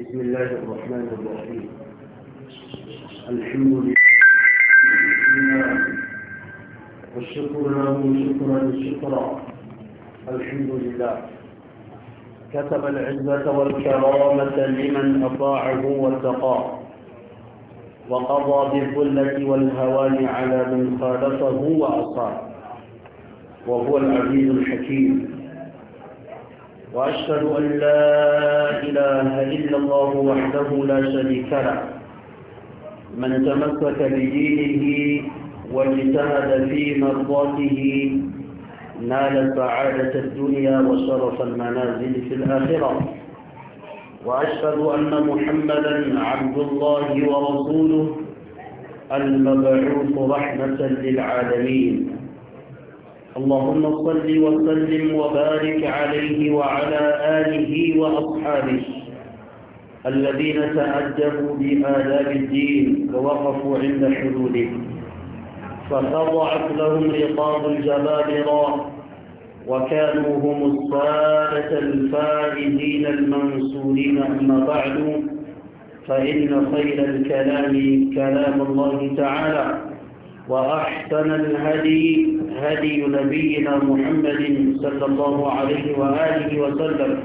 بسم الله الرحمن الرحيم الحمد لله والشكر له شكرا شكرا الحمد لله كتب العزة والكرامة لمن أطاعه واتقاه وقضى بالذلة والهوان على من خالفه وأطاعه وهو العزيز الحكيم وأشهد أن لا إله إلا الله وحده لا شريك له من تمسك بدينه واجتهد في مرضاته نال سعادة الدنيا وشرف المنازل في الآخرة وأشهد أن محمدا عبد الله ورسوله المبعوث رحمة للعالمين اللهم صل وسلم وبارك عليه وعلى آله وأصحابه الذين تأدبوا بآداب الدين ووقفوا عند حدوده فخضعت لهم رقاب الجبابرة وكانوا هم السادة الفائزين المنصورين أما بعد فإن خير الكلام كلام الله تعالى وأحسن الهدي هدي نبينا محمد صلى الله عليه وآله وسلم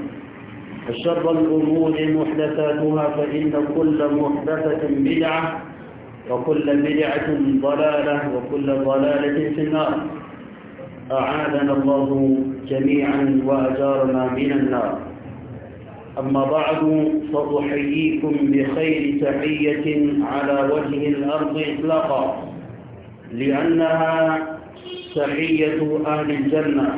وشر الأمور محدثاتها فإن كل محدثة بدعة وكل بدعة ضلالة وكل ضلالة في النار أعاذنا الله جميعا وأجارنا من النار أما بعد فأحييكم بخير تحية على وجه الأرض إطلاقا لأنها تحية أهل الجنة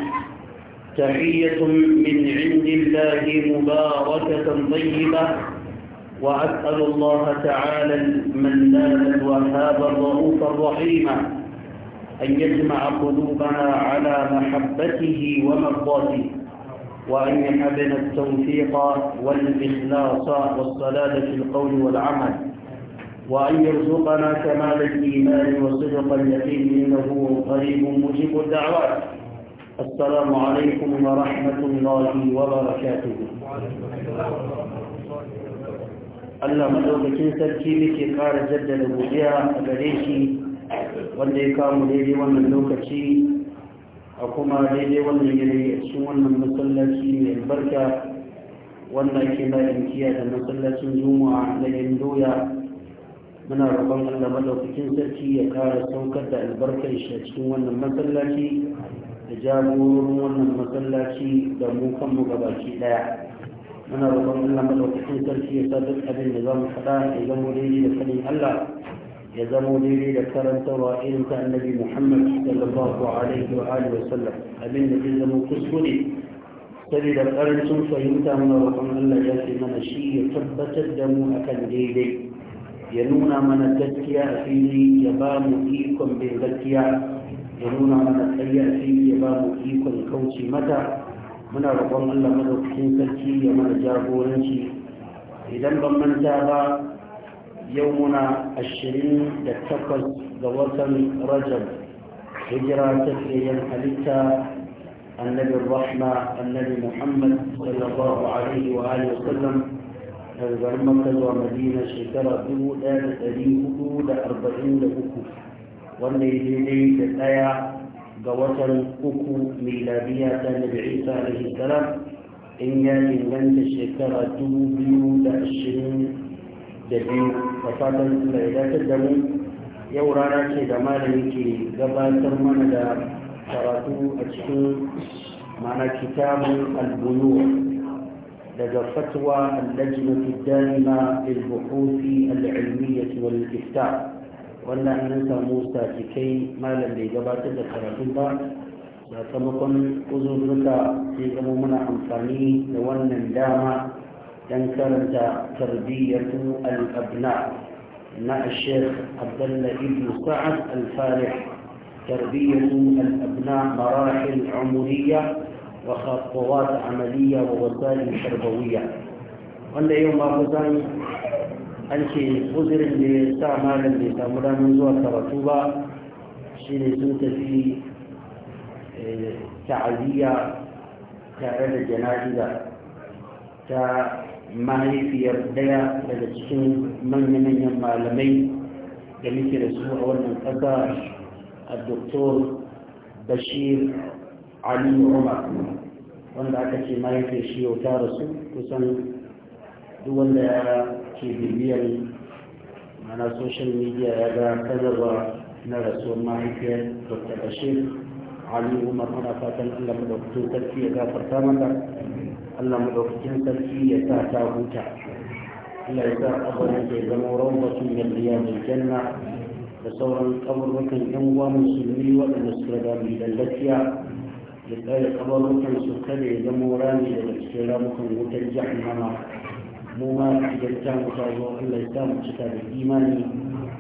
تحية من عند الله مباركة طيبة وأسأل الله تعالى المنان الوهاب الرؤوف الرحيم أن يجمع قلوبنا على محبته ومرضاته وأن يحبنا التوفيق والإخلاص والصلاة في القول والعمل وأن يرزقنا كمال الإيمان وصدق اليقين إنه قريب مجيب الدعوات السلام عليكم ورحمة الله وبركاته Allah madaukakin sarki muke ƙara jaddada godiya a gare shi wanda ya kamu daidai wannan lokaci a kuma daidai wannan yanayi a cikin wannan masallaci mai albarka wanda ke bayan kiya da masallacin juma'a da yin doya muna rabon Allah madaukakin sarki ya kara saukar da albarkar shi a cikin wannan masallaci da jagororin wannan masallaci da mu kanmu gabaki daya muna rabon Allah madaukakin sarki ya sa duk abin da zamu faɗa ya zama daidai da sanin Allah ya zama daidai da karantarwa irin ta annabi Muhammad sallallahu alaihi wa alihi wa sallam abin da zai zama kuskure saboda karancin fahimta muna rabon Allah ya ce mana shi ya tabbatar da mu akan daidai ya nuna mana gaskiya a fili ya ba mu ikon bin gaskiya ya nuna mana tsayi a fili ya ba mu ikon kauce mata muna roƙon allah madaukakin sarki ya mana jagoranci idan ban manta ba yau muna ashirin da takwas ga watan rajab hijira ta fiyayen halitta annabi rahma annabi muhammad sallallahu alaihi wa alihi wa sallam daga garin makka zuwa madina shekara dubu ɗaya da ɗari hudu da arba'in da uku wanda ya daidai da ɗaya ga watan uku miladiya ta nabi isa alaihi salam in ya inganta shekara dubu biyu da ashirin da biyu da fatan da ya dace da mu yau rana ce da malami ke gabatar mana da karatu a cikin mana kitabun albunuwa لدى فتوى اللجنة الدائمة للبحوث العلمية والإفتاء وأن أنت موسى تكي ما لم يجبات ذكر فيها لا تمكن أزور لك في زمومنا أنفاني لون داما تنكرت تربية الأبناء إن الشيخ عبد الله بن سعد الفارح تربية الأبناء مراحل عمرية وخطوات عملية ووسائل تربوية wanda yau ma kusan an ce uzurin da ya sa malam bai samu damar zuwa karatu ba shi ne sun tafi ta'aziyya tare da jana'iza ta mahaifiyar daya daga cikin manya-manyan malamai da muke da su a wannan ƙasa a doktor bashir ali umar wanda aka ce mahaifin shi yau ta rasu kusan duk wanda ya ke bibiyar mana social media ya ga sanarwa na rasuwar mahaifiyar dr bashir ali umar muna fatan allah dauki sarki ya gafarta mata allah dauki sarki ya sa ta huta allah ya sa abubuwan da ya zama rawatun yalliya mai janna da sauran kaburbukan yan uwa musulmi waɗanda suka da mai ya tsare kabarukan su kada ya zama rami daga cikin ramukan wutar jahannama mu ma idan ta mu ta zo Allah ya mu cika da imani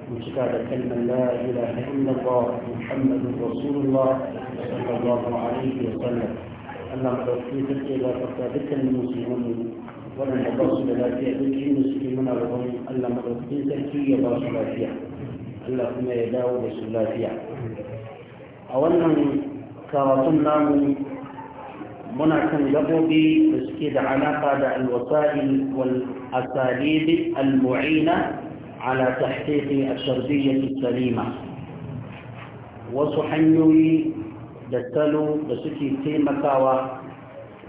mu cika da kalmar la ilaha illallah muhammadur rasulullah sallallahu alaihi wa sallam Allah mu dauki take da farka dukkan musulmi wannan da su da lafiya dukkan musulmi muna roƙon Allah mu dauki sarki ya ba su lafiya Allah kuma ya dawo da su lafiya a wannan karatun namu muna kan gabobi da suke da alaƙa da alwasa'il wal asalib al-mu'ina ala tahqiqi ash-shardiyyah salima wasu hanyoyi da salo da suke taimakawa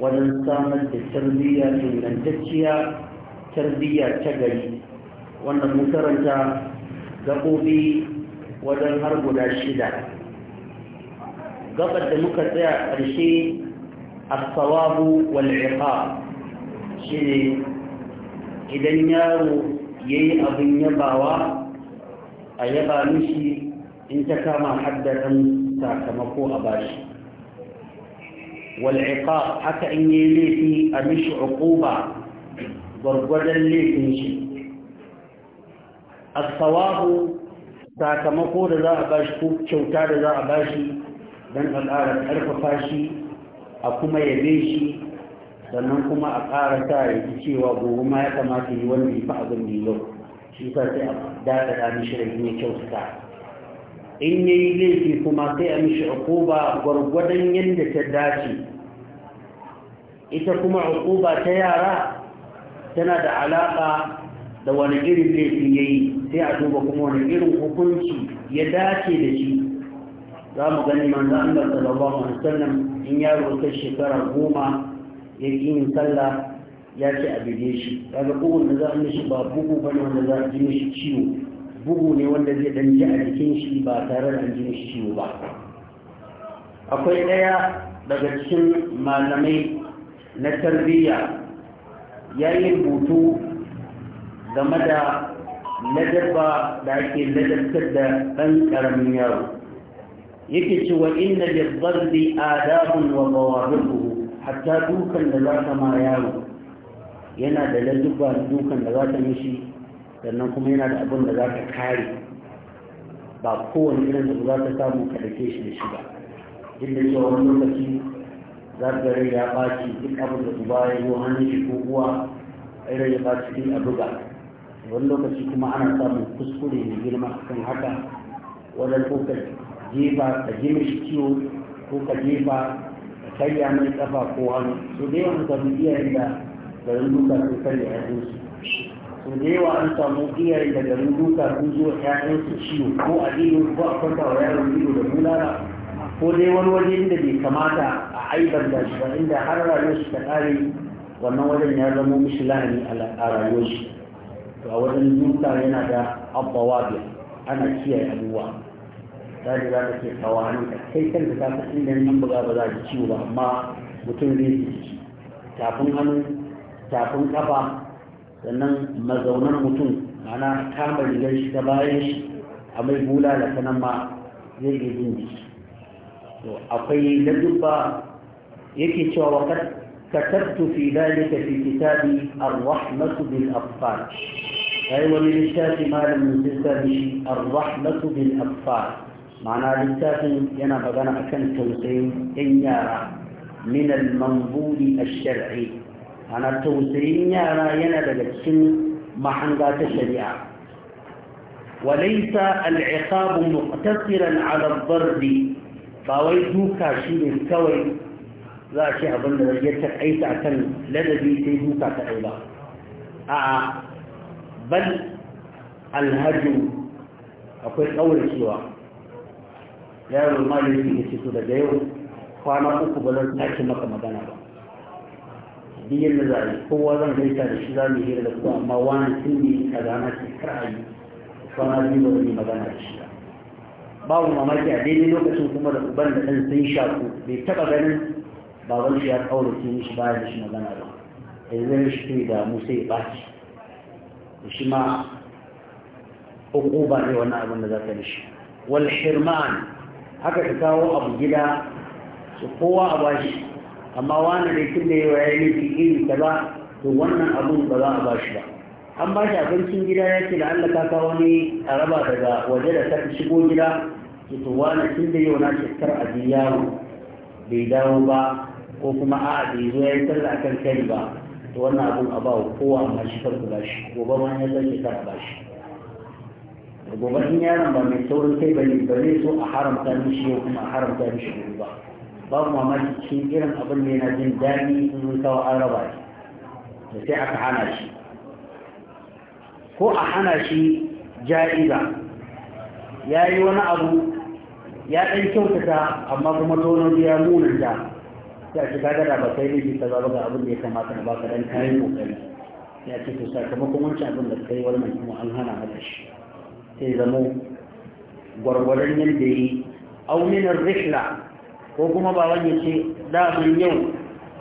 wajen samar da tarbiyya ingantacciya tarbiyya ta gari wannan mun karanta gabobi wajen har guda shida gabar da muka tsaya ƙarshe a sawabu wal'iƙa shi ne idan yaro yi abin yabawa a yaba mishi in ta kama haddaran sakamako a bashi wal'iƙa haka in yi laifi a mishi uquba gwargwadon laifin shi a sawabu sakamako da za a bashi ko kyauta da za a bashi don a ƙara ƙarfafa shi a kuma yabe shi sannan kuma a ƙara sa ya cewa gobe ma ya kamata yi wanda ya fi abin da yau shi sa sai a daɗa ta mishi in ya kyautata in ya yi laifi kuma sai a mishi uquba gwargwadon yadda ta dace ita kuma koba ta yara tana da alaƙa da wani irin laifi ya yi sai a duba kuma wani irin hukunci ya dace da shi za mu gani manzo Allah sallallahu alaihi wasallam in yaro kai shekara goma ya yi yin sallah ya ce a bige shi daga bugun da za a mishi ba bugu ba ne wanda za a ji mishi ciwo bugu ne wanda zai dan ji a jikin shi ba tare da an ji mishi ciwo ba akwai ɗaya daga cikin malamai na tarbiyya ya yi rubutu game da ladabba da ake ladabtar da ɗan ƙaramin yaro yake cewa inna lizzalli adabun wa mawabiquhu hatta dukan da za ka mara yaro yana da lalluba dukan da za ka mishi sannan kuma yana da abin da za ka kare ba kowane irin da za ka samu ka dake shi da shi ba duk da cewa wani lokaci za ka rai ya ɓaci duk abin da uba ya yi hannun shi ko uwa rai ya ɓaci duk a buga wani lokaci kuma ana samun kuskure mai girma kan haka wajen kokar jefa ka je mishi ciwo ko ka jefa ka karya mai kafa ko hannu so da yawan samu iyayen da garin duka su karya ƴaƴansu so da yawa an samu iyayen da garin duka sun zo ƴaƴansu ciwo ko a ido ko a kwanta wa yaron ido da bulala ko dai wani waje inda bai kamata a aibar da shi ba inda har rayuwar shi ta ƙare wannan wajen ya zama mishi lahani a rayuwar shi to a wajen duka yana da abbawa ana kiyaye abubuwa ta da za ta ce kawo hannunka kai kan ta inda nan buga ba za ta ciwo ba amma mutum zai ji ci tafin hannu tafin kafa sannan mazaunan mutum ana kama rigar shi ta bayan shi a mai bula da sanan ma zai iya jin jiki to akwai na dubba yake cewa wa katabtu fi dalika fi kitabi ar-rahmatu bil afal kai wani littafi malamin zai sa mishi ar-rahmatu bil ma'ana littafin yana magana akan tausayin yan yara min al a ash ana tausayin yara yana daga cikin mahanga ta shari'a walaysa al-iqab muqtasiran 'ala ba wai duka shi ne kawai za a ce abin da ya takaita akan ladabi sai duka ta ba a'a bal al akwai akwai kauracewa yaro ma ya ke ce to daga yau kwana uku ba zan sake maka magana ba biyan yadda za kowa zan gaita da shi za mu hira da kowa amma wani sun ne a rana ce kar a yi kwana biyu ba zan yi magana da shi babu mamaki a daidai lokacin kuma da uban da ɗan sun shaku bai taɓa ganin baban shi ya ƙaurace shi baya da shi magana ba yanzu ya shi da musa ya ɓaci da shi ma uku ba ne wannan abin da za ka yi shi wal hirman haka ka kawo abu gida su kowa a bashi amma wani da tun da wa yayin nufi yi ta ba to wannan abun ba za a bashi ba an ba shi abincin gida ya ce da Allah ka kawo ne a raba daga waje da ta shigo gida to wani tun da yau na shekar a yaro bai dawo ba ko kuma a'a bai zo ya yi sallah akan kai ba to wannan abun a ba kowa amma shi karku bashi gobe ma ya zai shekar a bashi da gobe in yaron ba mai saurin kai ba zai so a haramta mishi yau kuma a haramta mishi gobe ba babu mamaki cikin irin abin da yana jin daɗi in mun kawo an raba shi da sai aka hana shi ko a hana shi ja'iza ya yi wani abu ya ɗan kyautata amma kuma tonon ya munanta ya ce ka da ba kai ne ta zaba ga abin da ya kamata na baka dan kayan kokari ya ce to sakamakon wancan abin da kai wannan kuma an hana maka shi sai zamo gwargwaron yadda yi auninar rikla ko kuma ba wani ce daman yau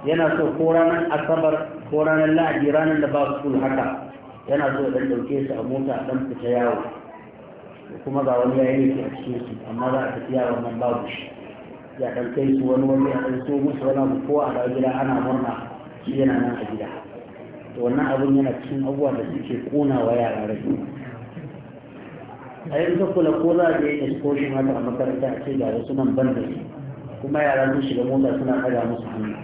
yana so ko ranar asabar ko ranar la'adi ranar da ba su haka yana so dan ɗauke su a mota dan fita yawo kuma ga wani yayi ne a cikin su amma za a tafiya wannan babu shi ya ɗan kai su wani wani ya ɗan so musu wani abu ko a gida ana murna shi yana nan a gida to wannan abun yana cikin abuwa da suke kona wa yara rai a yanzu kula ko za a je excursion haka a makaranta a ce ga wasu nan ban da su kuma yara sun shiga mota suna ɗaga musu hannu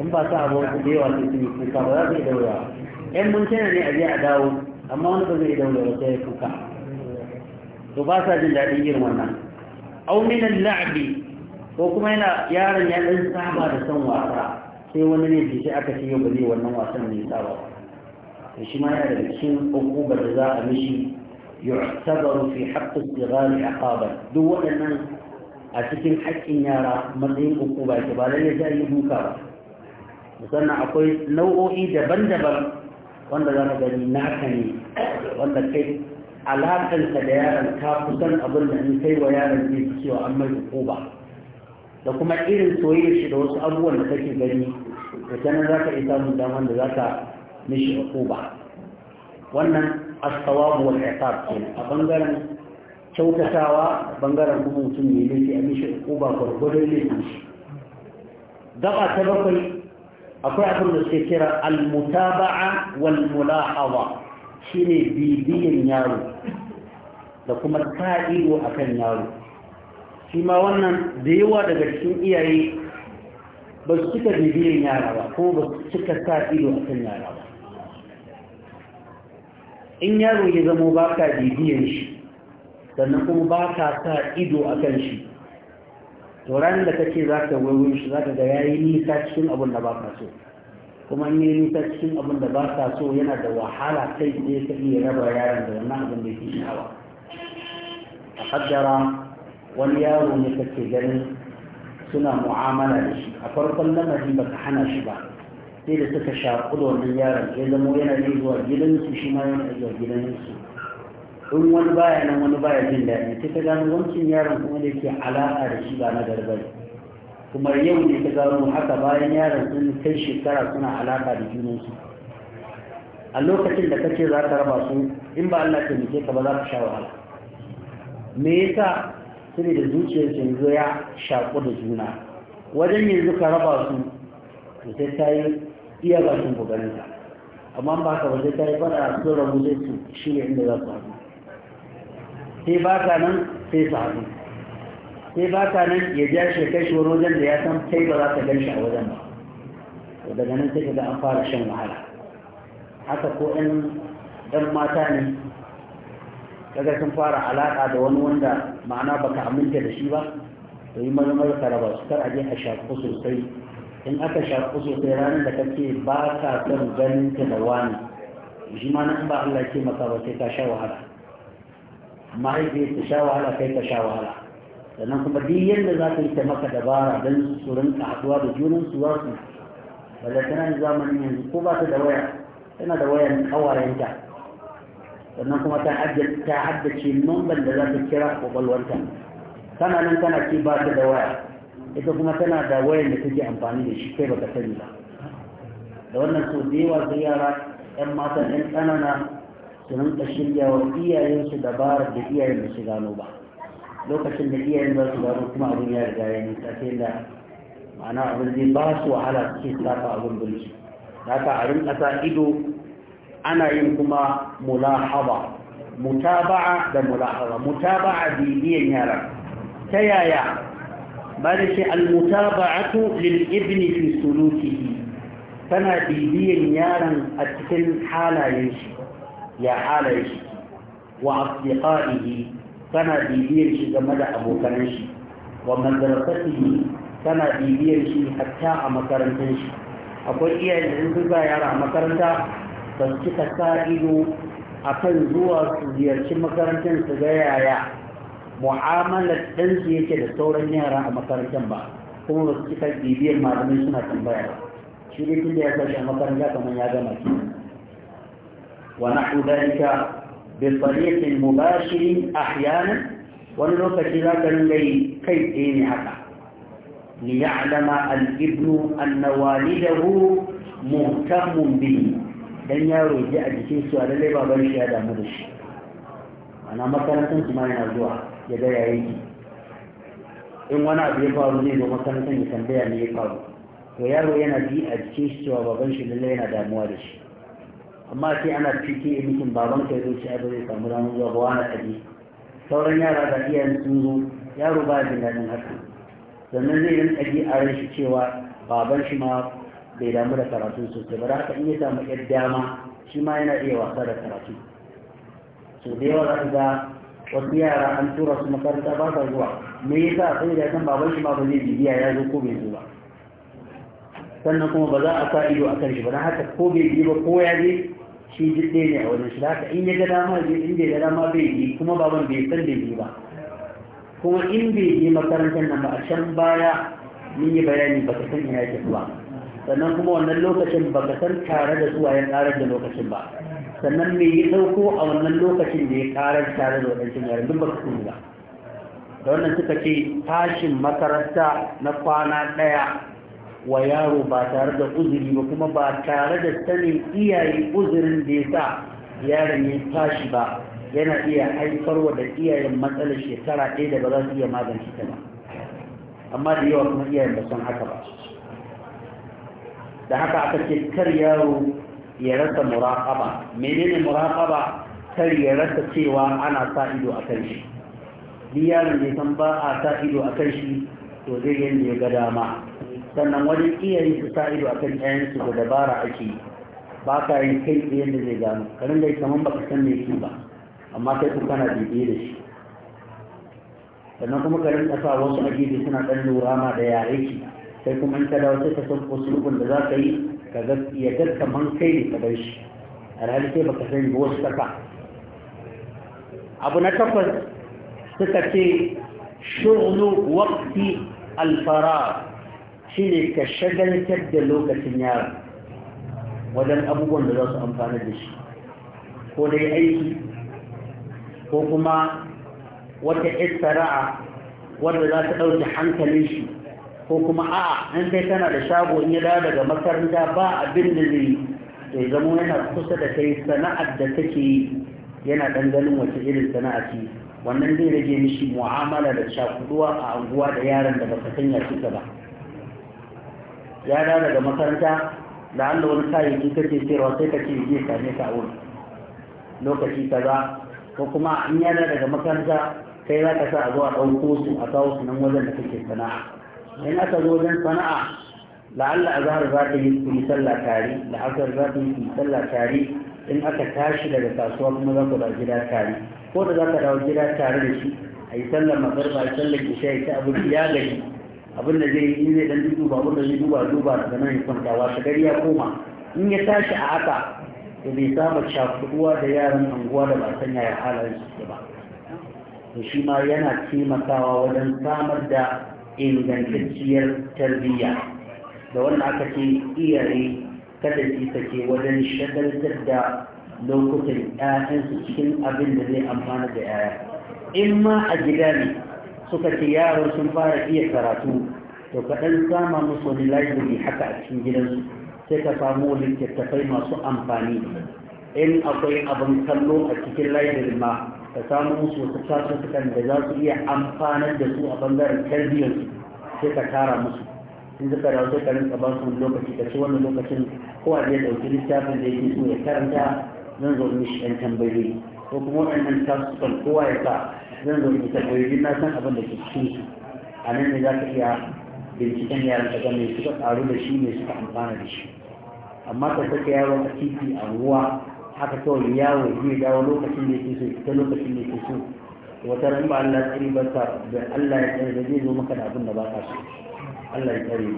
in ba sa abuwa ku da yawa sai sun yi kuka ba za su yi daura yan mintuna ne a je a dawo amma wani ba zai yi daura wata ya kuka to ba sa jin daɗin yin wannan au minan la'abi ko kuma yana yaron ya ɗan saba da son wasa sai wani ne sai aka ce yau ba zai wannan wasan ne saba ba to shi ma yana da cikin ba da za a mishi يعتبر في حق الصغار عقابا دول أن أتكن حق يارا مرين أقوبة تبالا يزاي بوكا مثلا أقول nau'o'i دبن دبن wanda za ka gani naka ne wanda kai alaƙarka da yaron ka kusan abin da in kai wa yaron zai fi cewa an mai hukuma da kuma irin soyayya shi da wasu abubuwan da kake gani da nan za ka isa mun da za ka mishi hukuma wannan as-sawabu wal iqab kenan a bangaren kyautatawa bangaren kuma mutum ne laifi a mishi uquba gwargwadon laifin shi gaba ta bakwai akwai abin da suke kira al-mutaba'a wal shine bibiyan yaro da kuma ta ido akan yaro shi ma wannan da yawa daga cikin iyaye ba su cika bibiyan yara ba ko ba su cika sa ido akan yara ba in yaro ya zamo ba ka bibiyan shi sannan kuma ba ka sa ido a kan shi to ranar da kake za ka waiwai shi za ka ga ya yi nisa cikin abin da ba ka so kuma in yi nisa cikin abin da ba ka so yana da wahala kai tsaye ka iya raba yaron da wannan abin da yake shawa a haddara wani yaro ne kake ganin suna mu'amala da shi a farkon lamarin ba ka hana shi ba sai da suka shaƙu da wannan yaron ya zama yana yin zuwa gidansu shi ma yana zuwa gidansu in wani baya nan wani baya jin daɗi sai ta gano wancan yaron kuma da yake alaƙa da shi ba na garba kuma yau ne ta gano haka bayan yaron sun kai shekara suna alaƙa da junansu a lokacin da kace za ka raba su in ba Allah ta muke ka ba za ka sha wahala me yasa sai da zuciyar yanzu ya shaƙu da juna wajen yanzu ka raba su sai ta yi iya ba sun ku ganin ta amma ba ka waje ta yi fara su rabu zai su shi ne inda za su haɗu sai ba ka nan sai su haɗu sai ba ka nan ya ja shi kai shi wani wajen da ya san kai ba za ka gan shi a wajen ba to daga nan sai ka ga an fara shan wahala haka ko ɗan ɗan mata ne kaga sun fara alaƙa da wani wanda ma'ana baka aminta da shi ba to yi mazamar maza ka raba su kar a je a shaƙu sosai in aka shafi sosai ranar da kake ba ka son ganin ta da wani shi ma nan ba Allah ke maka ba sai ka sha wahala mahaifiyar ta sha wahala kai ka sha wahala sannan kuma duk yadda za ka yi ta maka dabara don su rinka haɗuwa da junan su za su balle tana zamanin yanzu ko ba ta da waya tana da wayan kawayenta sannan kuma ta haddace numban da za ta kira kwakwalwarta kana nan kana ce ba ta da waya ita kuma tana da wayan da take amfani da shi kai baka sani ba da wannan so da yawa sai yara yan mata yan tsanana su rinka shirya wa iyayensu dabarar da iyayen da su gano ba lokacin da iyayen za su gano kuma abin ya riga ya nisa sai da ma'ana abin zai ba su wahala su ce tafa abin bulci haka a rinka sa ido ana yin kuma mulahaba mutaba'a da mulahaba mutaba'a bibiyan yara ta yaya ba da shi almutaba'atu lil ibni fi sulukihi tana bibiyan yaron a cikin halayen shi ya halayen shi wa asdiqaihi tana bibiyan shi game da abokanan shi wa madrasatihi tana bibiyan shi hatta a makarantar shi akwai iyaye da sun zuba yara a makaranta ba su cika sa ido akan zuwa su ziyarci makarantar su ga yaya معاملة تنسية لطورة نهرة مطار جنبا كما تتكت بيبير معلومين سنة جنبا شريك اللي أساش مطار جاتا من يادم أكيد ونحو ذلك بالطريق المباشر أحيانا ونلوك جذاك اللي كيف إيمي حقا ليعلم الابن أن والده مهتم به لن يارو جاء جسيس اللي بابا يشهد مدشي ana makarantar su yana zuwa ya gaya yayi in wani abu ya faru ne, da makarantar ya tambaya ne ya faru to yaro yana bi a cikin shi cewa baban shi lalle yana damuwa da shi amma sai ana a mutum baban ka zo shi abu zai samu damar zuwa ba wani aji sauran yara da iyayen sun zo yaro ba jin daɗin haka sannan zai rinka ji a ran shi cewa baban shi ma bai damu da karatu sosai ba da haka in ya samu yar dama shi ma yana iya wasa da karatu to da yawa za ga wasu yara an tura su makaranta ba sa zuwa me yasa sai da san baban shi ma ba zai bibiya ya zo ko bai zo ba sannan kuma ba za a sa ido a kan shi ba na haka ko bai bi ba ko ya je shi jidde ne a wajen shi da haka in ya ga dama je in bai ga dama bai je kuma baban bai san bai je ba kuma in bai je makarantar nan ba a can baya mun yi bayani ba ka san ina yake zuwa sannan kuma wannan lokacin ba ka san tare da zuwa ya tsara da lokacin ba sannan mai yi ɗauko a wannan lokacin da ya ƙarar tare da waɗancan yaran duk ba ka sani da wannan suka ce tashin makaranta na kwana ɗaya wa yaro ba tare da uzuri ba kuma ba tare da sanin iyaye uzurin da ya sa yaron ya tashi ba yana iya haifarwa da iyayen matsalar shekara ɗaya da ba za su iya magance ta ba amma da yawa kuma iyayen ba san haka ba da haka aka ce kar yaro ya rasa muraqaba menene muraqaba kar ya rasa cewa ana sa ido a kan shi yaron ne san ba a sa ido a shi to zai yin ya ga dama sannan wani iyaye su sa ido a kan da dabara ake yi ba ka yin kai tsaye da zai gano karin da kamar ba ka san me shi ba amma kai ku kana bibiye da shi sannan kuma garin ƙasa wasu ajiye suna ɗan lura ma da yare shi sai kuma in ka dawo sai ka san usulubin da za ka yi ya ga kaman kai ne ka bar shi alhali sai baka sani ba wasu saka abu na takwas suka ce shughlu waqti alfara shine ka shagaltar da lokacin yara wajen abubuwan da za su amfana da shi ko dai aiki ko kuma wata istara'a wanda za ta ɗauki hankalin shi ko kuma a'a in tana da shago in ya dawo daga makaranta ba abin da zai to ya zamo yana kusa da kai sana'ar da take yi yana dan ganin wace irin sana'a ce wannan zai rage mishi mu'amala da shakuduwa a unguwa da yaran da baka sanya su ba ya dawo daga makaranta da Allah wani kayayyaki kake sayarwa sai kake je same ka a wuri lokaci kaza ko kuma in ya dawo daga makaranta kai za ka sa a zo a ɗauko su a kawo su nan wajen da kake sana'a in aka zo wajen sana'a la'alla zahar za ta yi ku sallah tare la'asar za ta yi ku sallah tare in aka tashi daga kasuwa kuma za ku da gida tare ko da za ka dawo gida tare da shi a yi sallar magarba a yi sallar isha ya ci abinci ya gari abin da zai yi zai dan duba abin da zai duba duba daga nan ya kwanta washe gari ya koma in ya tashi a haka to bai saba shafuwa da yaran anguwa da ba sanya ya halayen su ba to shi ma yana taimakawa wajen samar da ingantacciyar tarbiyya da wanda aka ce iyaye kada su sake wajen shagaltar da lokutan 'ya'yansu cikin abin da zai amfana da 'ya'ya in ma a gida ne suka ce yaran sun fara iya karatu to kaɗan sama musu wani library haka a cikin gidansu sai ka samu littattafai masu amfani in akwai abin kallo a cikin library ma ka samu musu wasu sassan da za su iya amfanar da su a bangaren su sai ka tara musu in suka da sai ka rinka ba su lokaci ka ci wannan lokacin ko a je ɗauki littafin da yake so ya karanta zan zo shi ɗan tambayoyi ko kuma waɗannan kan kowa ya sa zan zo mu tambayoyi na san abin da ke cikin su a nan ne za ka iya binciken yaran ka ga su suka ƙaru da shi ne suka amfana da shi amma ka saka yaro a titi a ruwa haka kawai yawo zai dawo lokacin da yake so ita lokacin da yake so wata ran ba Allah tsari ba ta da Allah ya tsare da zai zo maka da abin da ba ka so Allah ya tsare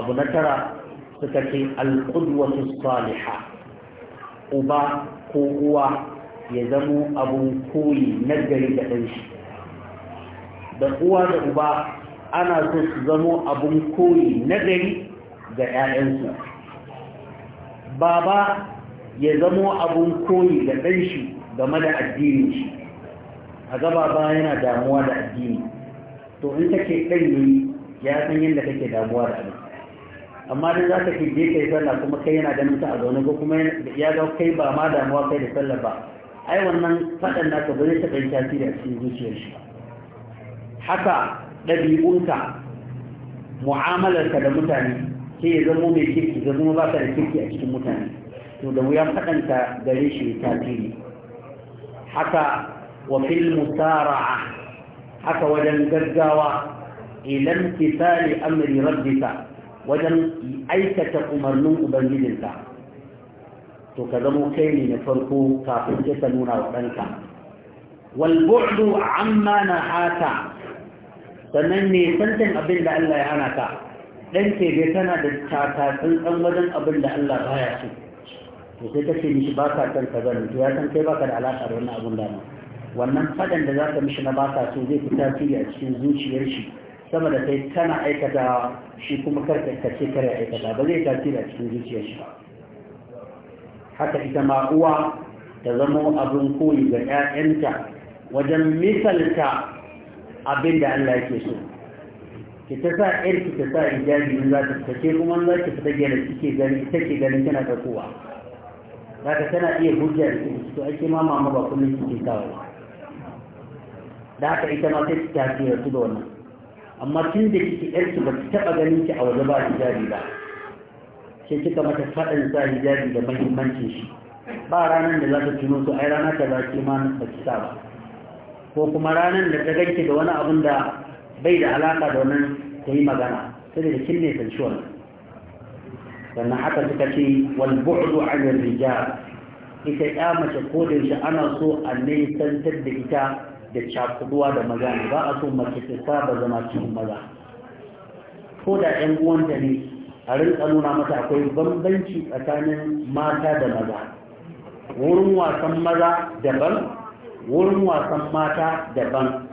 abu na tara suka ce al-qudwatu salihah uba ko uwa ya zamo abun koyi na gari da ɗan shi da uwa da uba ana so su zamo abun koyi na gari ga 'ya'yansu baba ya zamo abun koyi ga ɗan shi game da addini shi a gaba ba yana damuwa da addini to in take ɗan ne ya san yadda take damuwa da abin amma dai za ka je kai sallah kuma kai yana ganin ta a zaune ko kuma ya ga kai ba ma damuwa kai da sallah ba ai wannan faɗan naka ba zai taɓa tasiri a cikin zuciyar shi haka ɗabi'unka mu'amalarka da mutane sai ya zamo mai kirki zama ba ka da kirki a cikin mutane to da wuyan faɗanta gare shi tasiri haka wa fil musara'a haka wajen gaggawa ilan kisali amri rabbika wajen aikata umarnin ubangijinka to ka zamo kai ne na farko kafin sai ta nuna wa ɗanka walbu'du amma na hata sannan ne tantan abin da Allah ya hana ka ɗan ke bai tana da taka ɗan wajen abin da Allah baya so to sai kace mishi ba ka san kaza to ya san kai baka da alaka da wannan abun da wannan fadan da zaka mishi na baka so zai fi tasiri a cikin zuciyar shi sama da kai kana aikata shi kuma karka kace kare aikata ba zai tasiri a cikin zuciyar shi ba haka ita ma uwa ta zama abin koyi ga 'ya'yanta wajen misalta abin da Allah yake so ki ta sa ƴarki ta sa hijabi in za ta fita ke kuma za ki fita gare gani take ganin kina ta kowa zaka tana iya hujja da ita to ake ma mama ba kullum ke kawai da haka ita ma sai ta tsira su da wannan amma tun da kike yarki ba ki taba ganin ki a waje ba hijabi ba sai kika mata faɗin sa hijabi da mahimmancin shi ba ranar da za ta tuno su ai rana ta za ki ma ba ki sa ba ko kuma ranar da ta ganki da wani abun da bai da alaka da wannan ta yi magana sai da kin ne san shi wannan sannan haka suka ce wal bu'du an rijal ita ya mace ko da shi ana so a nisantar da ita da cakuduwa da maza ne ba a so mace ta saba zama cikin maza ko da ƴan uwanta ne a rinka nuna mata akwai bambanci tsakanin mata da maza wurin wasan maza daban wurin wasan mata daban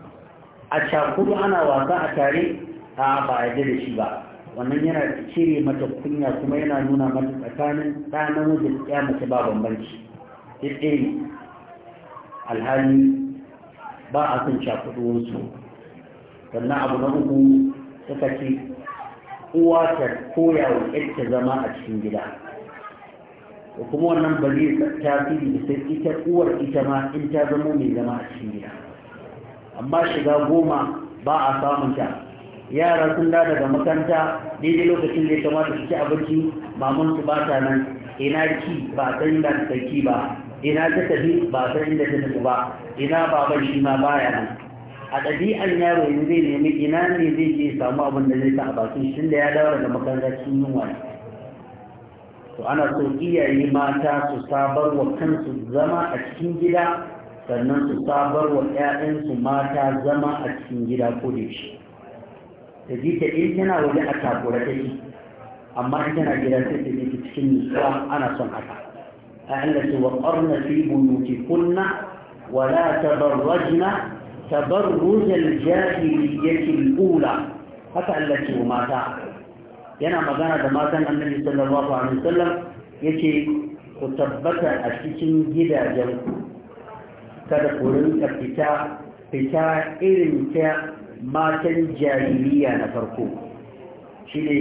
a cakudu ana wasa a tare a ba a da shi ba wannan yana cire mata kunya kuma yana nuna mata tsakanin ɗa namiji da mace ba bambanci ɗaya ne alhali ba a son shafuɗuwansu. sannan abu na uku suka ce uwa ta koya wa ƙyarta zama a cikin gida da kuma wannan ba zai tafi da sai ita uwar ita ma in ta zama mai zama a cikin gida amma shiga goma ba a samun ta yara sun da daga makanta daidai lokacin da ya kamata su ci abinci maman su ba ta nan ina ki ba san inda ta ki ba ina ta tafi ba san inda ta tafi ba ina baban shi ma baya nan a ɗabi'an yaro yanzu zai nemi ina ne zai je samu abin da zai sa a bakin shi da ya dawo daga makaranta cikin yunwa to ana so iyaye mata su sabar wa kansu zama a cikin gida sannan su sabar wa 'ya'yansu mata zama a cikin gida ko da shi da ji ta ɗin tana waje a takura ta yi amma ita na gida sai ta ji cikin nutsuwa ana son haka a Allah ce wa ƙarna fi kunna wa la tabarrajna tabarruj al ula haka Allah ce wa mata yana magana da matan Annabi sallallahu alaihi wasallam yace ku tabbata a cikin gidajen kada ku rinka fita fita irin ta matan jaririya na farko shi ne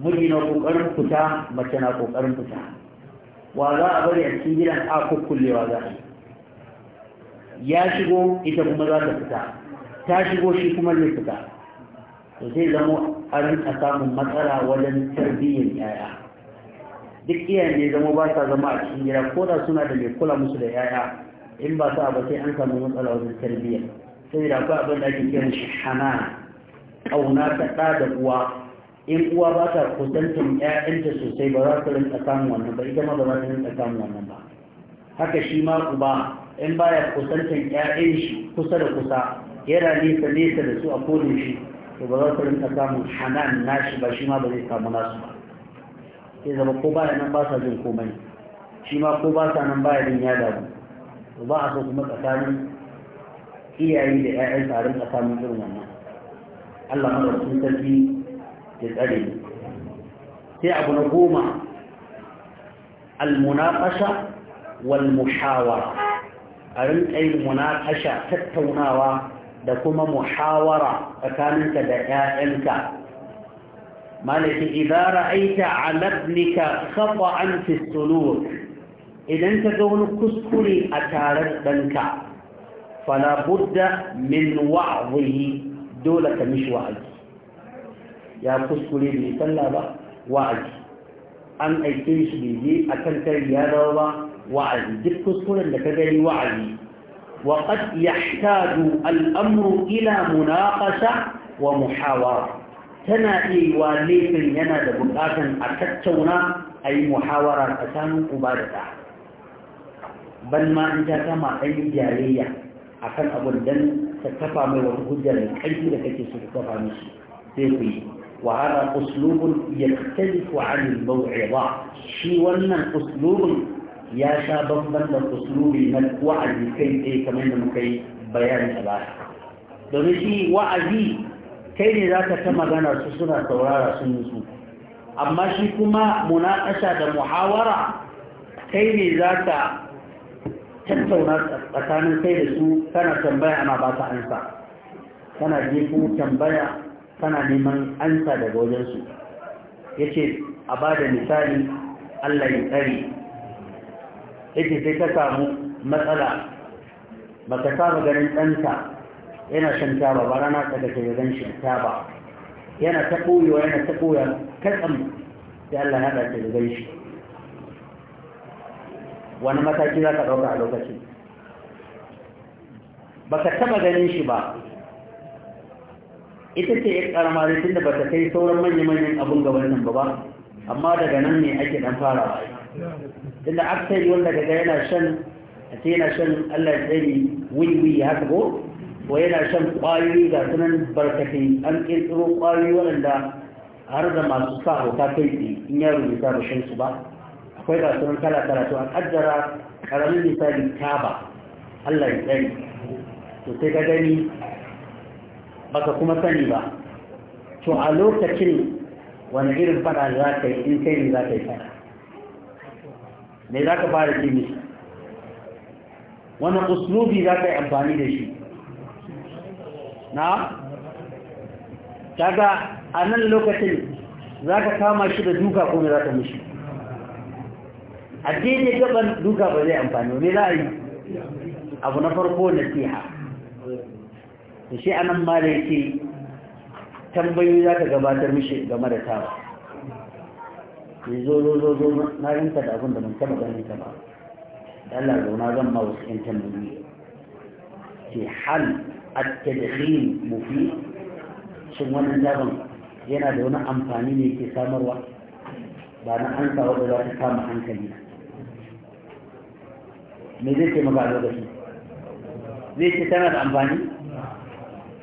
muni na ƙoƙarin fita mace na ƙoƙarin fita wa za a bari a cikin gidan a kukkullewa za a yi ya shigo ita kuma za ta fita ta shigo shi kuma zai fita to zai zama an a samun matsala wajen tarbiyyar yaya duk iyayen ne zama ba sa zama a cikin gida ko da suna da mai kula musu da yaya in ba sa ba sai an samu matsala wajen tarbiyyar sai da akwai abin da ake kiran shi hana ƙauna ta ɗa da uwa in uwa ba ta kusantar ƴaƴanta sosai ba za ta rinka samun wannan ba ita ma ba za ta rinka samun wannan ba haka shi ma uba in baya kusantar ƴaƴan shi kusa da kusa yana nesa nesa da su a kodin shi to ba za ta rinka samun hanan nashi ba shi ma ba zai samu nasu ba sai zama ko baya nan ba sa jin komai shi ma ko ba sa nan ba ya jin ya damu ba a so kuma tsakanin iyaye da 'ya'yan a rinka samun irin wannan Allah madaukakin sarki ya tsare mu sai abu na goma al-munaqasha wal muhawara a rinka yin munaqasha tattaunawa da kuma muhawara tsakaninka da 'ya'yanka مالك إذا رأيت على ابنك خطأ في السلوك إذا أنت تقول كسكري أتارت بنك فلا بد من وعظه دولة مش وعظ يا قسكو لي بيسلا با وعظ أن أي تيش بيجي أتنكر يا دولة وعظ جد قسكو لي وعظ وقد يحتاج الأمر إلى مناقشة ومحاورة تنا إي واليف ينا دبقاتا أكتشونا أي محاورة أسان أبادتا بل ما أنت كما أي جارية a kan abun dan ka kafa mai wata hujja da ƙarfi da kake so ka kafa mishi sai ku yi wa hada uslubun yaktalifu an maw'iza shi wannan uslubun ya sha bamban da uslubi na wa'azi kai tsaye kamar da muka yi bayani a baya domin shi wa'azi kai ne za ka ta magana su suna saurara sun nutsu amma shi kuma munakasha da muhawara kai ne za ka tattauna tsakanin kai da su kana tambaya ana ba ka ansa kana je ku tambaya kana neman ansa daga wajensu ya ce a ba da misali allah ya tsari yake sai ka samu matsala ba ka saba ganin ɗanta yana shan taba ba rana ta da gan shi taba yana ta koyewa yana ta koya katsam sai allah ya haɗa ta gan shi wani mataki za ka ɗauka a lokacin ba ka taɓa ganin shi ba ita ce yin ƙarmari tun da ba ta kai sauran manya-manyan abin gabanin ba ba amma daga nan ne ake ɗan fara. tun da aksari wanda daga yana shan a ce yana shan allah tsari wiwi haka ko ko yana shan ƙwayoyi ga sunan barkatai an ƙirƙiro ƙwayoyi waɗanda har da masu sa hauta kai in yaro bai sa ba shan su ba akwai ga sunan kala kala to a kaddara karamin misali taba Allah ya tsari to sai ka gani baka kuma sani ba to a lokacin wani irin fada za ka yi in kai ne za ka yi fada me za ka fara ce mishi wani uslubi za ka yi amfani da shi na kaga a nan lokacin za ka kama shi da duka ko me za ka mishi addini daidai gaban duka ba zai amfani ne za a yi abu na farko siha da shi anan ma da yake tambayi za ka gabatar mishi game da tawa ya zo zo zo zo na rinka da abin da mun taba ganin ta ba da Allah zauna zan ma wasu yan tambayoyi ke hal a tadkhil mufi shin wannan zaban yana da wani amfani ne ke samarwa ba na an sa wadda za ta kama hankali na me zai ce maka a lokaci zai ce tana da amfani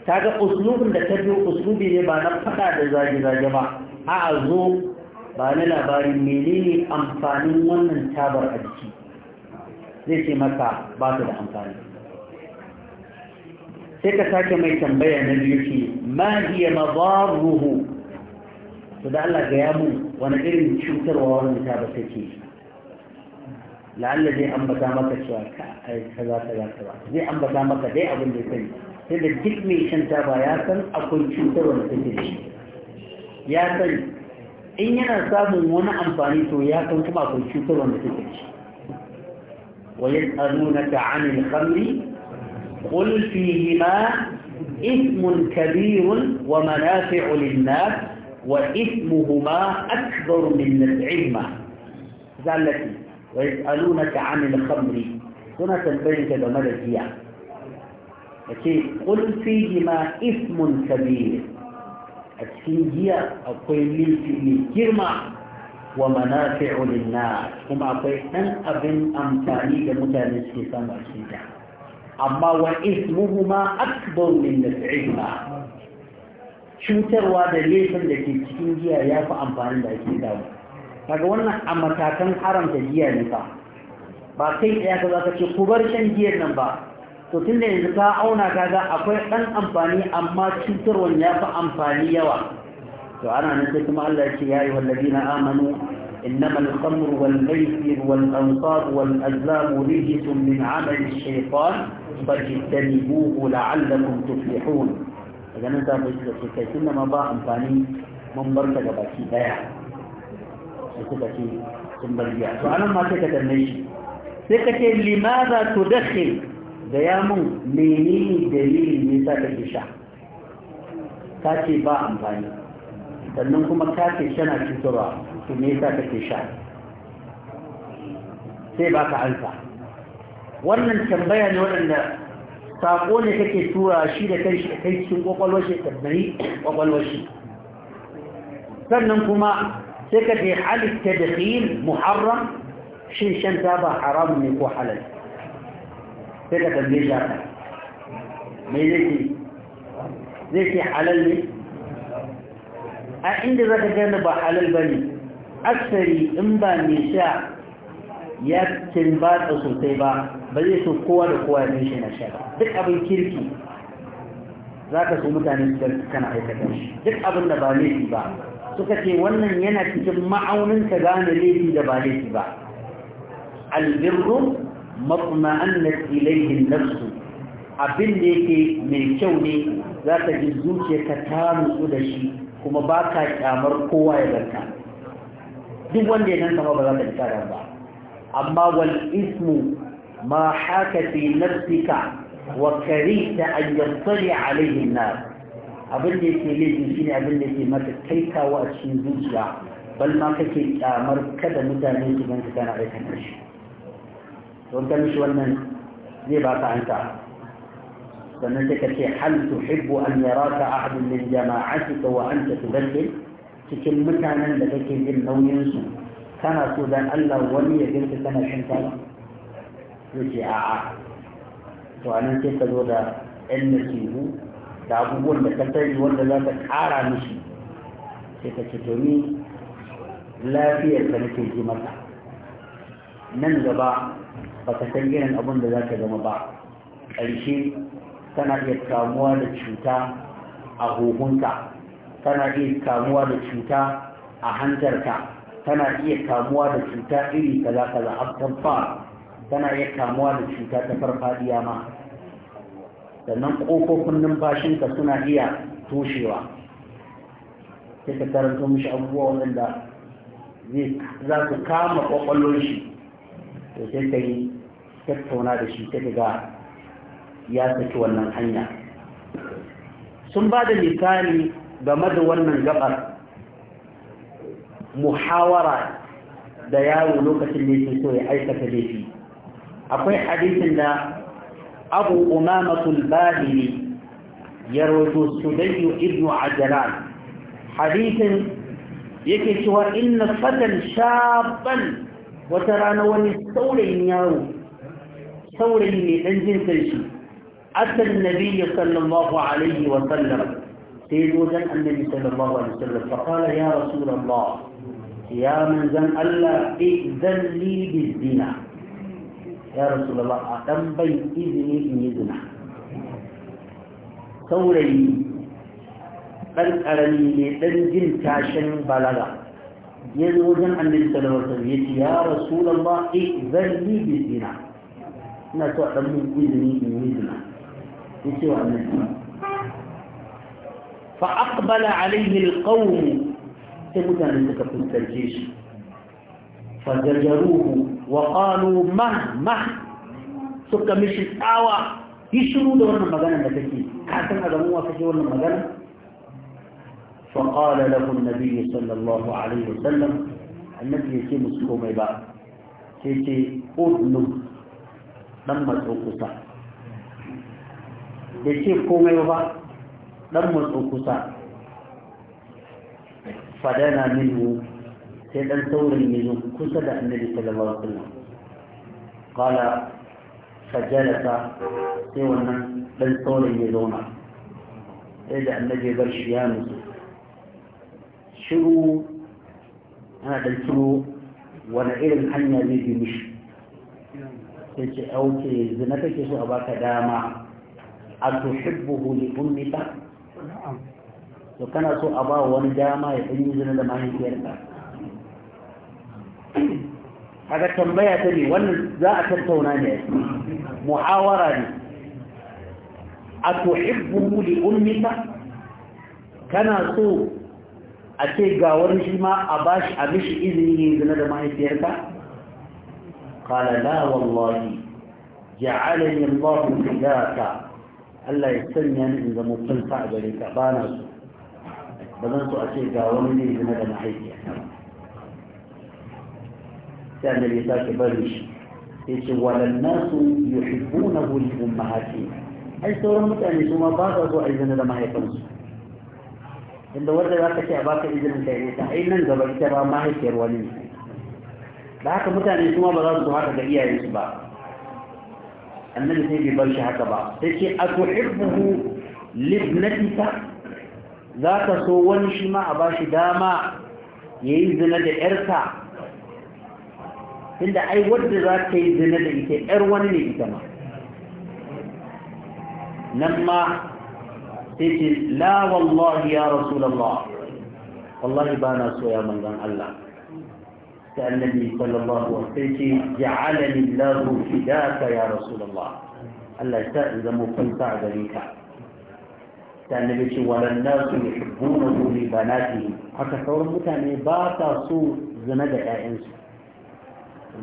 ta ga uslubin da ta biyo uslubi ne ba na faɗa da zage-zage ba a zo ba na labarin menene amfanin wannan tabar a jiki zai ce maka ba su da amfani sai ka sake mai tambaya na biyu ce ma iya mazaruhu su da Allah ga yamu wani irin cutarwa wani tabar take لعل دي أم بدامك شو كذا كذا كذا دي أم بدامك دي أبن بيتني هذا جت ميشن تابا يا سن أكون شو تبغى نتجي يا سن إني أنا سامو مونا أم باني تو يا سن كم أكون شو تبغى نتجي ويسألونك عن الخمر قل فيهما إثم كبير ومنافع للناس وإثمهما أكبر من نفعهما ذلك wa ta 'anil khamri suna tambayar ka game da giya ake qul fihi ma ismun kabir a cikin giya akwai laifi mai girma wa manafi'u linnas kuma akwai ɗan abin amfani da mutane suke samu a cikin ta amma wa ismuhuma akbar min naf'ihima cutarwa da laifin da ke cikin giya ya fi amfani da ake samu kaga wannan a matakan haramta giya ne fa ba kai ɗaya ka za ka ce ku bar shan giyar nan ba to tun da yanzu ka auna kaga akwai ɗan amfani amma cutarwan ya fi amfani yawa to ana nan sai kuma Allah ya ce ya yi wallabi na amanu إنما الخمر والميسر والأنصار والأزلام رجس من عمل الشيطان فاجتنبوه لعلكم تفلحون إذا أنت بس كيف إنما با أمفاني من بركة بكي بيع da suka ce sun bar giya to anan ma sai ka danne shi sai ka ce limaza to dakhil da ya mun menene dalilin ne sa kake sha ka ce ba amfani sannan kuma ka ce shana cutarwa to me yasa kake sha sai ba ka ansa wannan tambaya ne waɗanda saƙo ne kake tura shi da kai kai cikin kwakwalwar shi tabbari kwakwalwar shi sannan kuma sai ka je halitta da fiyin muharram shin shan taba haramun ne ko halal sai ka tambaye shaka mai zai ce zai ce halal ne a inda za ka gani ba halal ba ne aksari in ba mai sha ya cimbata sosai ba ba zai so kowa da kowa ya shi na sha duk abin kirki za ka so mutane su kana aikata shi duk abin da ba laifi ba suka ce wannan yana cikin ma'aunin ka gane laifi da ba laifi ba albirru matma'annat ilayhi nafsu abin da yake mai kyau ne za ka ji zuciyarka ta nutsu da shi kuma ba ka kyamar kowa ya zarta duk wanda ya nan sama ba za ta ji ba amma wal ismu ma haka fi nafsika wa karita an yattali alaihi nas abin da yake laifin shi ne abin da yake mata kaikawa a cikin zuciya bal ma kake kyamar kada mutane su ganka kana aikata shi don ka mishi wannan zai ba ka hanta sannan sai ka ce hal tuhibbu an yaraka ahadun min jama'atika wa anta tudakkir cikin mutanen da kake jin nauyin su kana so dan Allah wani ya ganka kana shan taba yace a'a to anan sai ka zo da ɗan nasihu da abubuwan da ka sani wanda za ka ƙara mishi sai ka ce to ni lafiyar ka nake ji mata nan gaba ba ka san irin abin da za ka zama ba ƙarshe kana iya kamuwa da cuta a huhunka kana iya kamuwa da cuta a hantarka kana iya kamuwa da cuta iri kaza kaza after tana iya kamuwa da cuta ta farfadiya ma sannan ƙofofin numfashinka suna iya toshewa sai ka karanta mishi abubuwa wanda za su kama ƙwaƙwallon shi to sai ka yi tattauna da shi sai ga ya saki wannan hanya sun ba da misali game da wannan gabar muhawara da yawo lokacin da yake so ya aikata laifi akwai hadisin da أبو أمامة الباهلي يروي السدي ابن عجلان حديث يكشف إن فتى شابا وترى نوني سولي نيارو سولي نيارو سولي أتى النبي صلى الله عليه وسلم سيد وزن النبي صلى الله عليه وسلم فقال يا رسول الله يا من زن الله ائذن لي بالزنا يا رسول الله أتم بي إذني إني دنا سوري قل أرني لتنجل كاشن بلغا يزوجن أن نجل وسويت يا رسول الله إذني بالدنا نسوى أتم إذني إني دنا يسوى أن نجل فأقبل عليه القوم تبتن لك في الترجيش فزجروه wa qalu mah mah suka tsawa yi shiru da wannan magana da kake ka san a gamuwa kake wannan magana فقال له النبي صلى الله عليه وسلم النبي يكي مسكومي بقى يكي أذنب dan matso kusa da ce komai ba dan matso sai dan saurin ne zo kusa da annabi sallallahu alaihi wasallam qala fajalasa sai wannan dan saurin ya zauna sai da annabi bar shi ya nutsu shiru ana dan shiru wani irin hanya zai bi mishi sai ce auke zina kake so a baka dama a tuhibbuhu li ummika to kana so a ba wani dama ya ɗan yi zina da mahaifiyarka kaga tambaya ta ne wannan za a tattauna ne muhawara ne a tuhibbu li ummika kana so a ce ga wani shi ma a bashi a mishi izini yin zina da mahaifiyarka qala la wallahi ja'alani Allah fidaka Allah ya sanya ni in zama kulfa a gare ka bana so bazan so a ce ga wani ne zina da mahaifiyarka sai annabi ya sake bari shi ya ce walan nasu yuhibbunahu li ummahati ai sauran mutane su ma ba sa so a izina da mahaifansu inda wanda za ka ce a baka izinin ka yi ta ai nan gaba ita ba mahaifiyar wani ne da haka mutane su ma ba za su zo haka ga iyayensu ba annabi sai bai bar shi haka ba sai ce a tuhibbuhu libnatika za ka so wani shi ma a shi dama ya yi zina da yarsa inda ai wadda za ta yi zina da ita ƴar wani ne ita ma nan ma sai ce la wallahi ya rasulallah wallahi ba na so ya manzan Allah ta annabi sallallahu alaihi sai ce ja'alani lahu fidaka ya rasulallah Allah ta in zama kwanta a gare ka ta annabi ce walan nasu yuhibbuna li banatihi haka sauran mutane ba sa so zina da ƴaƴansu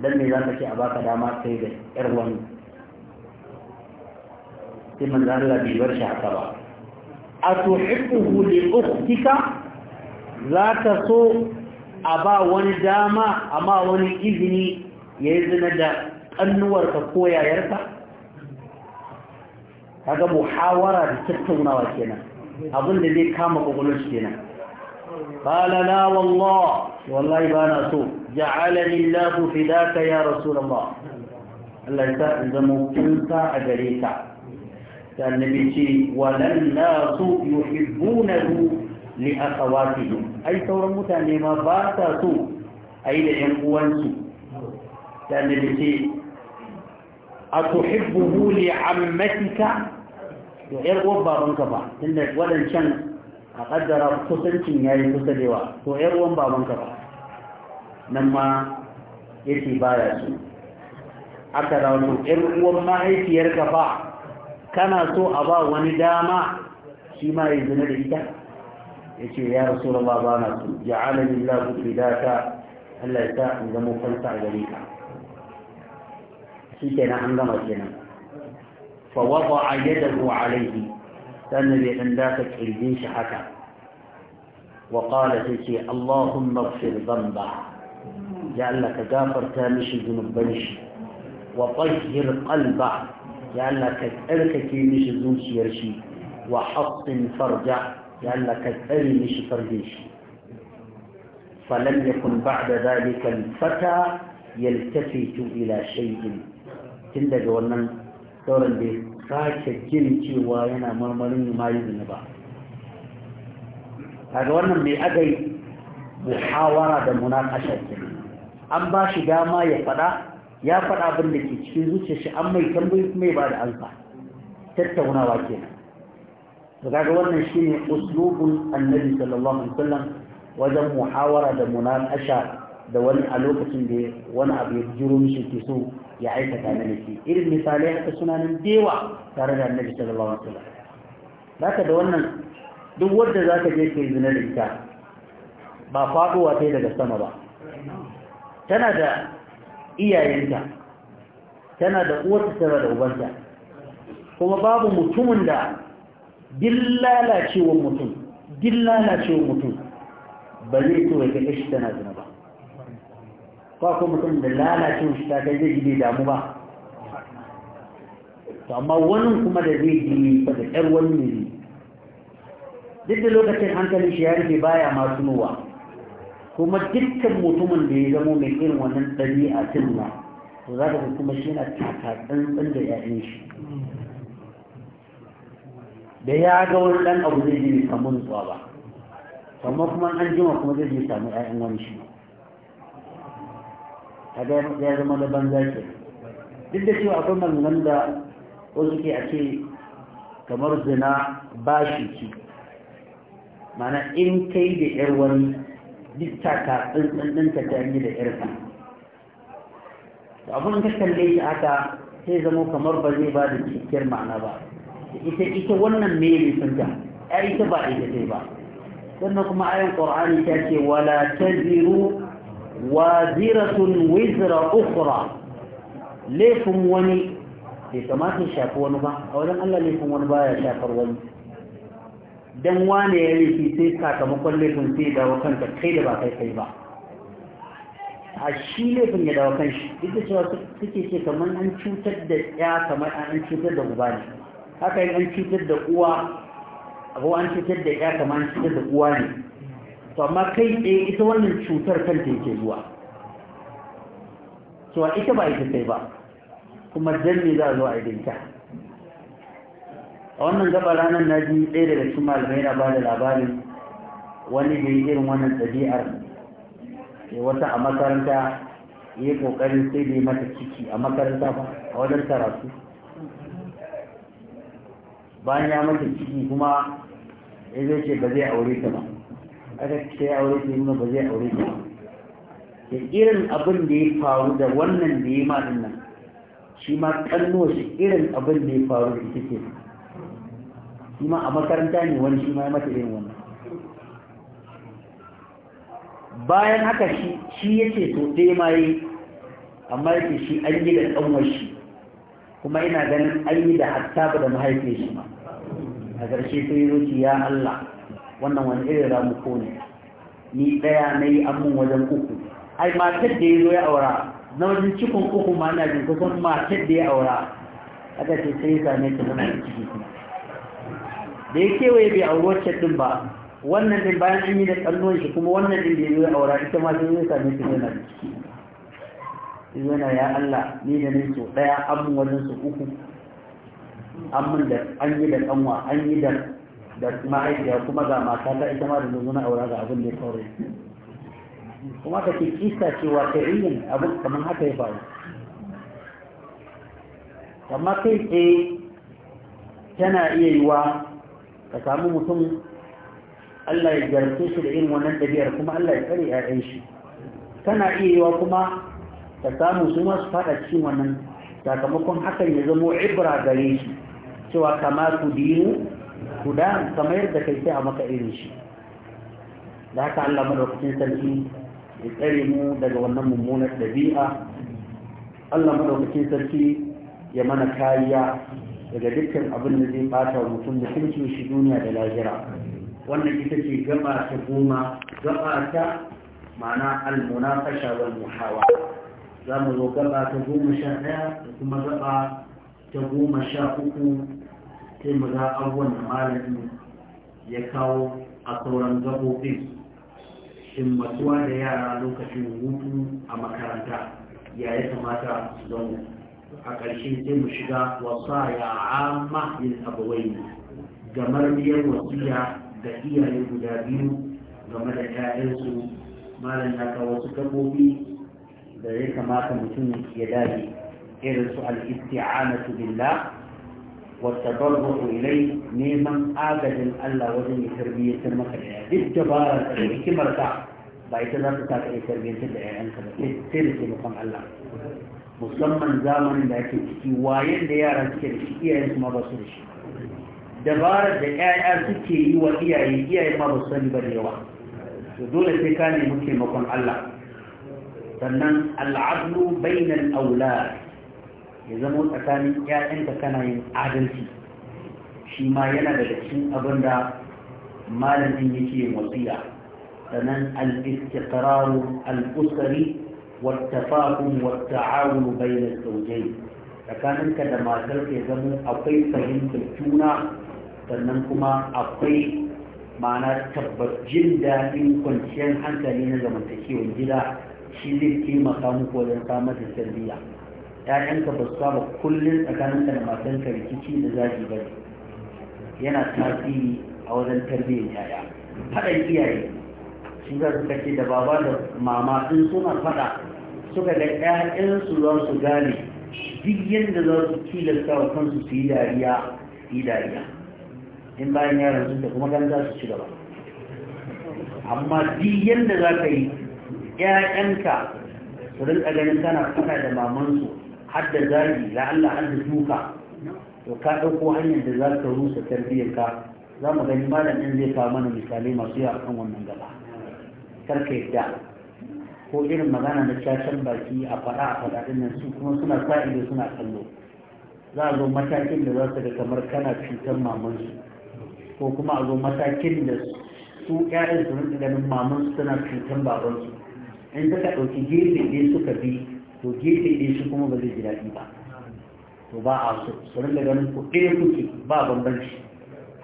dan me za ka ce a baka dama sai da yar wani sai manzo Allah bai bar shi haka ba atuhibbuhu li ukhtika za ka so a ba wani dama amma wani izini ya yi zina da ƙannuwarka ko yarka kaga muhawara da tattaunawa kenan abinda zai kama shi kenan qala la la wallahi ba so ja'alani Allah fidaka ya rasulullah Allah ya sa in zama kinka a gare ka da annabi ce walan nasu yuhibbunahu li akhawatihim ai sauran mutane ma ba ta so ai da ƴan uwansu da annabi ce atuhibbuhu li ammatika to ƴar uwar ka ba tunda wadancan a kaddara kusancin yayi kusa da yawa to ƴar uwan ka ba nan ma yake baya so aka rawato ɗan uwan mahaifiyarka ba kana so a ba wani dama shi ma ya zina da ita ya ce ya rasu da ba na so ja'alani lahu fidaka Allah ya sa in zama fansa a gare ka shi kenan an gama kenan fa wada yadahu alayhi sannan bai dan daka kirjin shi haka wa qala sai ce Allahumma ighfir ya Allah ka gafarta mishi zunuban shi wa tahhir qalba ya Allah ka tsarkake mishi zuciyar shi wa hassin farja ya Allah ka tsare mishi farjin shi falam yakun ba'da dhalika al-fata yaltafitu ila shay'in tun daga wannan sauran da sake jin cewa yana marmarin ma yi ba kaga wannan mai agai muhawara da munakasha kenan an ba shi dama ya faɗa ya fada abin da ke cikin zuciyar shi an mai tambayi kuma ya ba da alfa tattaunawa kenan to kaga wannan shine uslubul annabi sallallahu alaihi wasallam wajen muhawara da munakasha da wani a lokacin da wani abu ya jiro mishi ke so ya aikata na shi. irin misalai haka suna nan dewa tare da annabi sallallahu alaihi wasallam zaka da wannan duk wanda zaka je kai zina da ita ba faɗowa sai daga sama ba tana da iyayenta tana da uwarta tana da ubanta kuma babu mutumin da dillalacewar mutum dillalacewar mutum ba zai so ya ga kashi tana zina ba ba kuma mutum da lalacewar shi ta kai zai ji damu ba to amma wani kuma da zai ji ba da ƴar wani ne duk da lokacin hankalin shi ya rufe baya masu nuwa kuma dukkan mutumin da ya zama mai irin wannan ɗabi'a a ba to za ka kuma shi na taka tsantsan da ya'in shi da ya ga wani ɗan abu zai je samu nutsuwa ba amma kuma an jima kuma zai je samu ƴaƴan wani shi a ga ya zama da banza ke duk da cewa akwai maganganun da wasu ke a ce kamar zina bashi ce mana in kai da ƴar wani duk ka tsantsan ta, ta da irka abin ka kalle shi aka sai zama kamar ba zai ba da cikakkiyar ma'ana ba ita ita wannan sun sunta ya ita ba ita sai ba sannan kuma ayan qur'ani ta ce wala taziru waziratun wizra ukhra laifin wani bai kamata shafi wani ba a wajen Allah laifin wani ba ya shafar wani dan wane ya laifi sai sakamakon laifin sai dawo kanta kai da ba kai kai ba a shi laifin ya dawo kan shi duk da cewa suke ce kamar an cutar da ya kamar an cutar da uba ne haka yin an cutar da uwa abu an cutar da ya kamar an cutar da uwa ne to amma kai tsaye ita wannan cutar kanta yake zuwa cewa ita ba ita sai ba kuma dan ne za a zo a yi da ita a wannan gaba ranar na ji ɗaya daga cikin malamai na ba da labarin wani da yi irin wannan ɗabi'ar ya wata a makaranta ya yi ƙoƙarin sai da ya mata ciki a makaranta ba a wajen karatu bayan ya mata ciki kuma ya zai ce ba zai aure ta ba aka ce ya aure ta nuna ba zai aure ta ba da irin abin da ya faru da wannan da ya ma nan shi ma kannuwa shi irin abin da ya faru da ita ce shi ma a makaranta ne wani shi ma ya mata irin wannan bayan haka shi ya ce to ɗaya ma yi amma yake shi an yi da ƙanwar shi kuma ina ganin an yi da hattaba da mahaifin shi ma a ƙarshe sai zuci ya Allah wannan wani irin ko ne ni ɗaya na yi amin wajen uku ai matar da ya zo ya aura na wajen cikin uku ma na jin kusan matar da ya aura aka ce sai ya same ta zama ciki kuma da ya kewaye bai auri wacce din ba wannan din bayan an yi da kallon shi kuma wannan din bai zuwa aura ita ma sun yi same ta yana da ciki yana ya Allah ni da ni so daya amun wajen su uku amun da an yi da kanwa an yi da da ma'aikiya kuma ga mata ta ita ma da zuwa na aura ga abin da ya kaure kuma ka ce kisa cewa ta ilimin abin kamar haka ya faru amma kai tsaye tana iya yi wa ka samu mutum Allah ya jarfe shi da irin wannan ɗabi'ar kuma Allah ya tsare ƴaƴan shi tana iya yiwa kuma ka samu su ma su faɗa cikin wannan sakamakon hakan ya zamo ibra gare shi cewa kama ku dinu ku da kamar da kai sai a maka irin shi da haka Allah madaukakin sarki ya tsare mu daga wannan mummunar dabi'a Allah madaukakin sarki ya mana kariya daga dukkan abin da zai bata mutum da ce shi duniya da lahira wannan ita ce gaba ta goma gaba ta ma'ana almunafasha wal muhawa za mu zo gaba ta goma sha ɗaya da kuma gaba ta goma sha uku sai mu ga abubuwan da malami ya kawo a sauran shin matuwa da yara lokacin hutu a makaranta ya ya kamata su zama a ƙarshe sai mu shiga wasa ya amma min abuwai gamar biyar wasiya ga iyaye guda biyu game da 'ya'yansu malam ya kawo wasu gabobi da ya kamata mutum ya dace irin su al-isti'anatu billah wa tadarru ilai neman agajin Allah wajen ya tarbiyyantar maka da ya duk dabara da hikimar ba ita za ta sa ka tarbiyyantar da 'ya'yanka ba sai da taimakon Allah musamman zamanin da ake ciki wayan da yara suke da shi iyayen su ma ba su da shi dabarar da 'ya'ya suke yi wa iyaye iyaye ma ba su sani ba da yawa to dole sai ka nemi taimakon Allah sannan al'adlu bainal Aula ya zama tsakanin 'ya'yanta kana yin adalci shi ma yana daga cikin abin da malamin yake wasiya sannan al-istiqrar al-usri والتفاهم والتعاون بين الزوجين tsakaninka da matar ke zama akwai fahimtar juna sannan kuma akwai ma'ana tabbar jin daɗin kwanciyar hankali na zamantakewar gida shi zai taimaka muku wajen samar da tarbiyya ‘ya'yanka ba su saba kullum tsakaninka da matanka rikici da zafi ba yana tasiri a wajen tarbiyyar ‘ya'ya faɗan iyaye shi za su kace da baba da mama in suna faɗa suka ga ƴaƴansu za su gane duk yadda za su tilasta wa kansu su yi dariya su yi dariya in bayan yaran sun da kuma kan za su ci gaba amma duk yadda za ka yi ƴaƴanka su rinka ganin kana faɗa da mamansu har da zagi la Allah har da duka to ka ɗauko hanyar da za ka rusa tarbiyyarka za mu gani malamin zai kawo mana misalai masu yawa kan wannan gaba kar karka yadda ko irin magana na cacen baki a faɗa a faɗaɗin nan su kuma suna sa ido suna kallo za a zo matakin da za su da kamar kana cutar mamansu ko kuma a zo matakin da su ƴaƴan su rinka ganin mamansu suna cutar babansu in ka ɗauki gefe ɗaya suka bi to gefe ɗaya shi kuma ba zai ji daɗi ba to ba a so su rinka ganin ku ɗaya kuke ba bambanci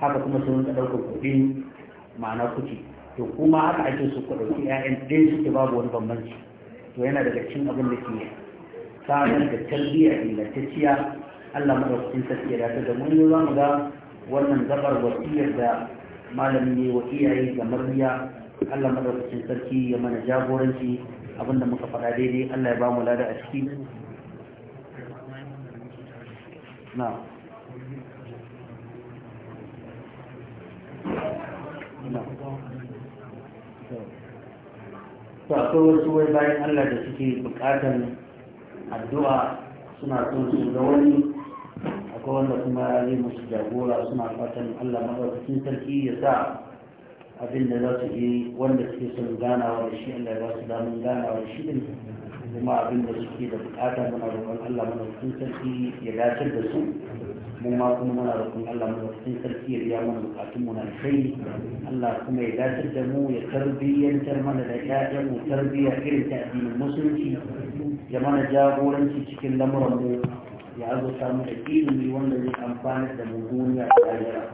haka kuma su rinka ɗaukar kuɗi ma'ana kuke to kuma haka ake su ku ɗauki ƴaƴan ɗaya suke babu wani bambanci to yana daga cikin abin da ke samar da tarbiyya ingantacciya Allah madaukakin sarki ya da mu ne za mu ga wannan zabar wasiyar da malami ne wa iyaye ga marmiya Allah madaukakin sarki ya mana jagoranci abinda muka faɗa daidai Allah ya ba mu lada a ciki na No. to akwai wasu wai bayan Allah da suke bukatar addu'a suna son su ga wani akwai wanda kuma yi musu jagora suna fatan Allah madaukakin sarki ya sa abin da za su yi wanda suke son ganawa da shi Allah ya ba su damun ganawa da shi din kuma abin da suke da bukata muna roƙon Allah muna roƙon sarki ya dace da su mu ma kuma muna roƙon Allah muna roƙon sarki ya biya mana bukatun mu na kai Allah kuma ya dace da mu ya tarbiyyantar mana da ƴaƴan mu tarbiyya irin ta addinin musulunci ya mana jagoranci cikin lamuran mu ya azurta mu da ilimi wanda zai amfana da mu duniya da lahira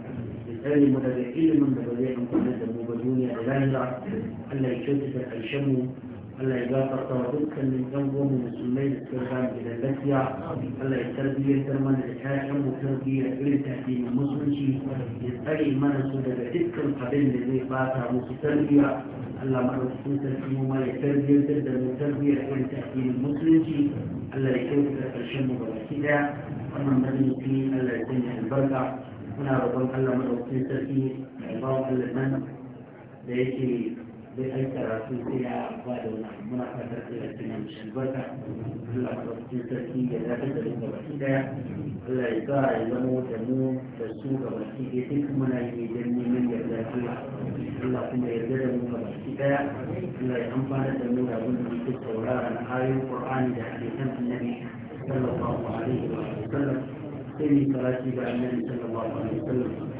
ya tsare mu daga ilimin da ba zai amfana da mu ba duniya da lahira Allah ya kyautata ƙarshen mu Allah ya gafarta wa dukkanin yan gomu musulmai da suka gane da lafiya Allah ya tarbiyyantar mana da ƴaƴan mu tarbiyya irin tafi mai musulunci ya tsare mana su daga dukkan abin da zai bata musu tarbiyya Allah madaukakin sarki mu ma ya tarbiyyantar da mu tarbiyya irin tafi mai musulunci Allah ya kyautata ƙarshen mu baki ɗaya wannan majalisi Allah ya sanya albarka muna roƙon Allah madaukakin sarki ya ba mu Allah nan da yake bai an karatu sai ya ba da wani muna fatar da yake nan shi barka Allah ba su sarki ya zafi da duka baki ɗaya. Allah ya sa ya zama da mu da su ga ɗaya. daya duk muna yi ne don neman yarda Allah Allah kuma yarda da mu ga ɗaya. daya Allah ya amfana da mu da wanda muke saurara na ayoyin Qur'ani da hadisan Annabi sallallahu alaihi wa sallam sai ni salati ga Annabi sallallahu alaihi wa sallam